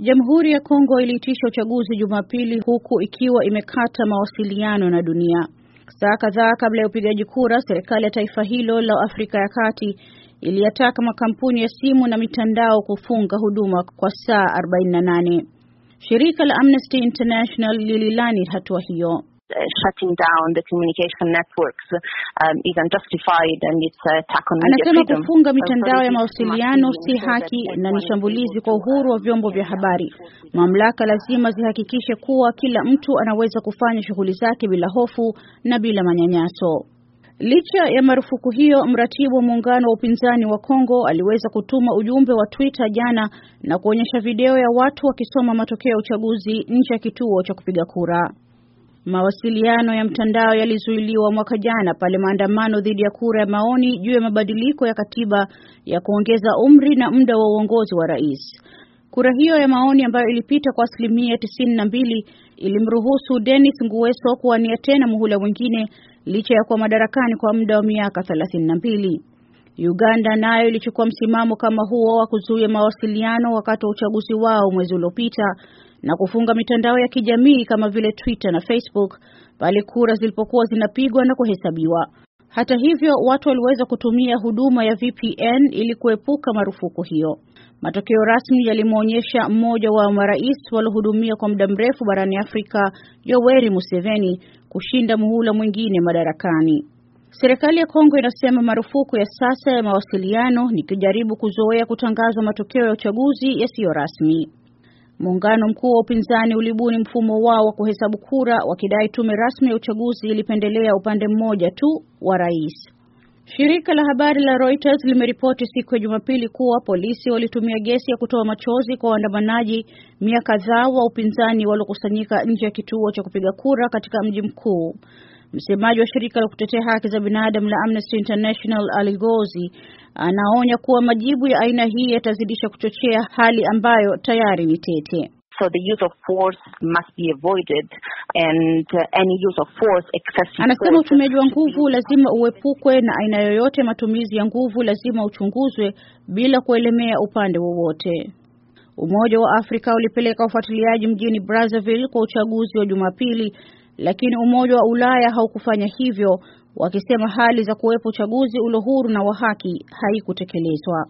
Jamhuri ya Kongo iliitisha uchaguzi Jumapili huku ikiwa imekata mawasiliano na dunia. Saa kadhaa kabla ya upigaji kura, serikali ya taifa hilo la Afrika ya Kati iliyataka makampuni ya simu na mitandao kufunga huduma kwa saa 48. Shirika la Amnesty International lililani hatua hiyo. Uh, shutting down the communication networks um, is unjustified and it's an attack on media freedom. Anasema kufunga uh, mitandao ya mawasiliano si haki na ni shambulizi kwa uhuru wa uh, vyombo vya habari. Mamlaka lazima zihakikishe kuwa kila mtu anaweza kufanya shughuli zake bila hofu na bila manyanyaso. Licha ya marufuku hiyo, mratibu wa muungano wa upinzani wa Kongo aliweza kutuma ujumbe wa Twitter jana na kuonyesha video ya watu wakisoma matokeo ya uchaguzi nje ya kituo cha kupiga kura. Mawasiliano ya mtandao yalizuiliwa mwaka jana pale maandamano dhidi ya kura ya maoni juu ya mabadiliko ya katiba ya kuongeza umri na muda wa uongozi wa rais. Kura hiyo ya maoni ambayo ilipita kwa asilimia tisini na mbili ilimruhusu Denis Nguweso kuwania tena muhula mwingine licha ya kuwa madarakani kwa muda wa miaka thelathini na mbili. Uganda nayo ilichukua msimamo kama huo wa kuzuia mawasiliano wakati wa uchaguzi wao mwezi uliopita na kufunga mitandao ya kijamii kama vile Twitter na Facebook pale kura zilipokuwa zinapigwa na kuhesabiwa. Hata hivyo, watu waliweza kutumia huduma ya VPN ili kuepuka marufuku hiyo. Matokeo rasmi yalimwonyesha mmoja wa marais waliohudumia kwa muda mrefu barani Afrika, Yoweri Museveni, kushinda muhula mwingine madarakani. Serikali ya Kongo inasema marufuku ya sasa ya mawasiliano ni kujaribu kuzoea kutangazwa matokeo ya uchaguzi yasiyo rasmi. Muungano mkuu wa upinzani ulibuni mfumo wao wa kuhesabu kura wakidai tume rasmi ya uchaguzi ilipendelea upande mmoja tu wa rais. Shirika la habari la Reuters limeripoti siku ya Jumapili kuwa polisi walitumia gesi ya kutoa machozi kwa waandamanaji mia kadhaa wa upinzani waliokusanyika nje ya kituo cha kupiga kura katika mji mkuu. Msemaji wa shirika la kutetea haki za binadamu la Amnesty International Aligozi anaonya kuwa majibu ya aina hii yatazidisha kuchochea hali ambayo tayari ni tete. So the use of force must be avoided and uh, any use of force excessive. Anasema utumiaji wa nguvu lazima uepukwe na aina yoyote matumizi ya nguvu lazima uchunguzwe bila kuelemea upande wowote. Umoja wa Afrika ulipeleka ufuatiliaji mjini Brazzaville kwa uchaguzi wa Jumapili lakini Umoja wa Ulaya haukufanya hivyo, wakisema hali za kuwepo uchaguzi ulio huru na wa haki haikutekelezwa.